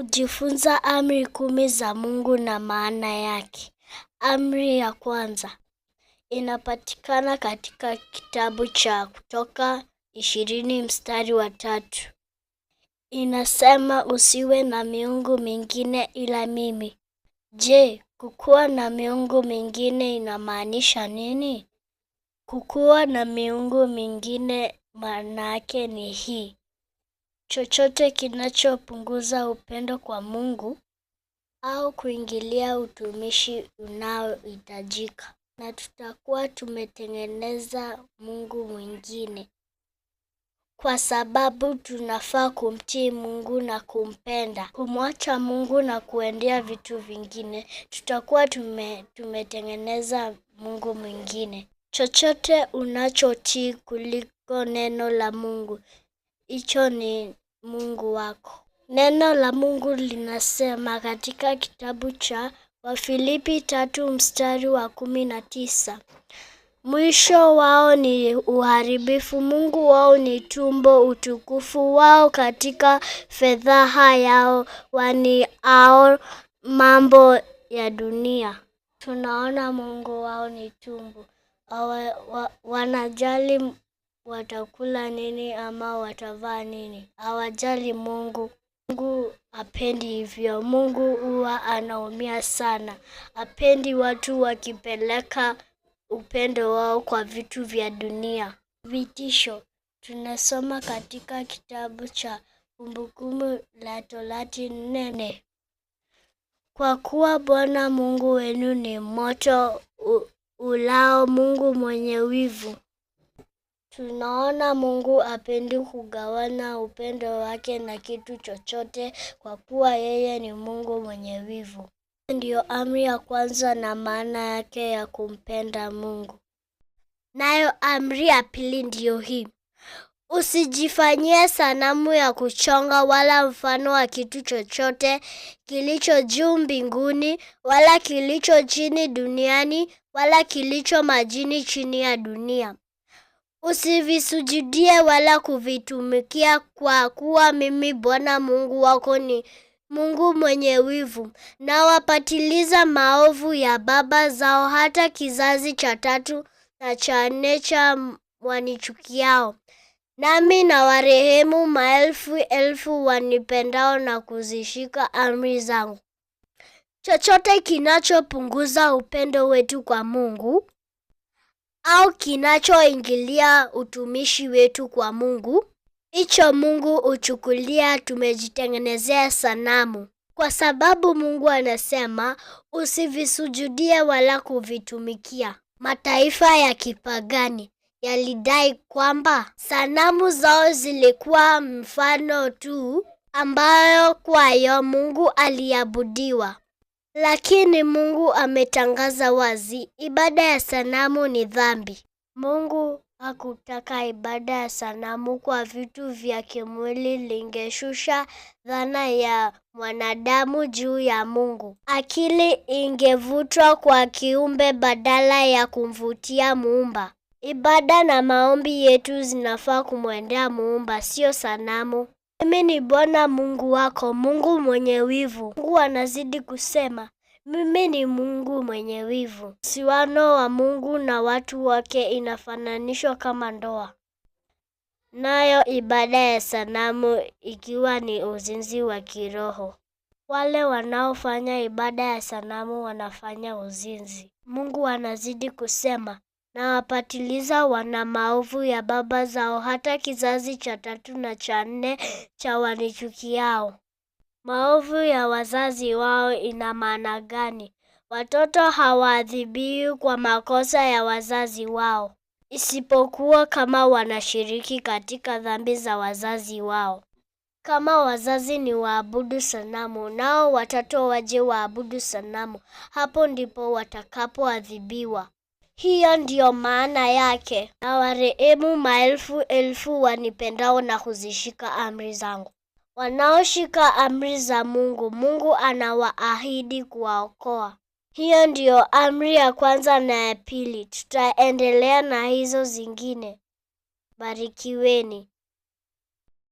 Kujifunza amri kumi za Mungu na maana yake. Amri ya kwanza inapatikana katika kitabu cha Kutoka ishirini mstari wa tatu. Inasema, usiwe na miungu mingine ila mimi. Je, kukuwa na miungu mingine inamaanisha nini? Kukuwa na miungu mingine maana yake ni hii: chochote kinachopunguza upendo kwa Mungu au kuingilia utumishi unaohitajika, na tutakuwa tumetengeneza Mungu mwingine, kwa sababu tunafaa kumtii Mungu na kumpenda. Kumwacha Mungu na kuendea vitu vingine, tutakuwa tume, tumetengeneza Mungu mwingine. Chochote unachotii kuliko neno la Mungu, hicho ni Mungu wako. Neno la Mungu linasema katika kitabu cha Wafilipi tatu mstari wa kumi na tisa mwisho wao ni uharibifu, Mungu wao ni tumbo, utukufu wao katika fedhaha yao, waniao mambo ya dunia. Tunaona Mungu wao ni tumbo, wanajali watakula nini ama watavaa nini. Hawajali Mungu. Mungu hapendi hivyo. Mungu huwa anaumia sana, apendi watu wakipeleka upendo wao kwa vitu vya dunia. Vitisho tunasoma katika kitabu cha Kumbukumbu la Torati nene kwa kuwa Bwana Mungu wenu ni moto ulao Mungu mwenye wivu. Tunaona Mungu apendi kugawana upendo wake na kitu chochote kwa kuwa yeye ni Mungu mwenye wivu. Ndiyo amri ya kwanza na maana yake ya kumpenda Mungu. Nayo amri ya pili ndiyo hii: usijifanyie sanamu ya kuchonga wala mfano wa kitu chochote kilicho juu mbinguni wala kilicho chini duniani wala kilicho majini chini ya dunia. Usivisujudie wala kuvitumikia, kwa kuwa mimi Bwana Mungu wako ni Mungu mwenye wivu, nawapatiliza maovu ya baba zao hata kizazi cha tatu na cha nne cha wanichukiao, nami na warehemu maelfu elfu wanipendao na kuzishika amri zangu. Chochote kinachopunguza upendo wetu kwa Mungu au kinachoingilia utumishi wetu kwa Mungu, hicho Mungu huchukulia tumejitengenezea sanamu, kwa sababu Mungu anasema usivisujudie wala kuvitumikia. Mataifa ya kipagani yalidai kwamba sanamu zao zilikuwa mfano tu ambayo kwayo Mungu aliabudiwa. Lakini Mungu ametangaza wazi, ibada ya sanamu ni dhambi. Mungu hakutaka ibada ya sanamu kwa vitu vya kimwili. Lingeshusha dhana ya mwanadamu juu ya Mungu. Akili ingevutwa kwa kiumbe badala ya kumvutia Muumba. Ibada na maombi yetu zinafaa kumwendea Muumba, sio sanamu. Mimi ni Bwana Mungu wako, Mungu mwenye wivu. Mungu anazidi kusema, mimi ni Mungu mwenye wivu. Siwano wa Mungu na watu wake inafananishwa kama ndoa, nayo ibada ya sanamu ikiwa ni uzinzi wa kiroho. Wale wanaofanya ibada ya sanamu wanafanya uzinzi. Mungu anazidi kusema, na wapatiliza wana maovu ya baba zao, hata kizazi cha tatu na cha nne cha wanichukiao. Maovu ya wazazi wao ina maana gani? Watoto hawaadhibiwi kwa makosa ya wazazi wao, isipokuwa kama wanashiriki katika dhambi za wazazi wao. Kama wazazi ni waabudu sanamu, nao watoto waje waabudu sanamu, hapo ndipo watakapoadhibiwa. Hiyo ndiyo maana yake, na warehemu maelfu elfu wanipendao na kuzishika amri zangu. Wanaoshika amri za Mungu, Mungu anawaahidi kuwaokoa. Hiyo ndiyo amri ya kwanza na ya pili. Tutaendelea na hizo zingine. Barikiweni.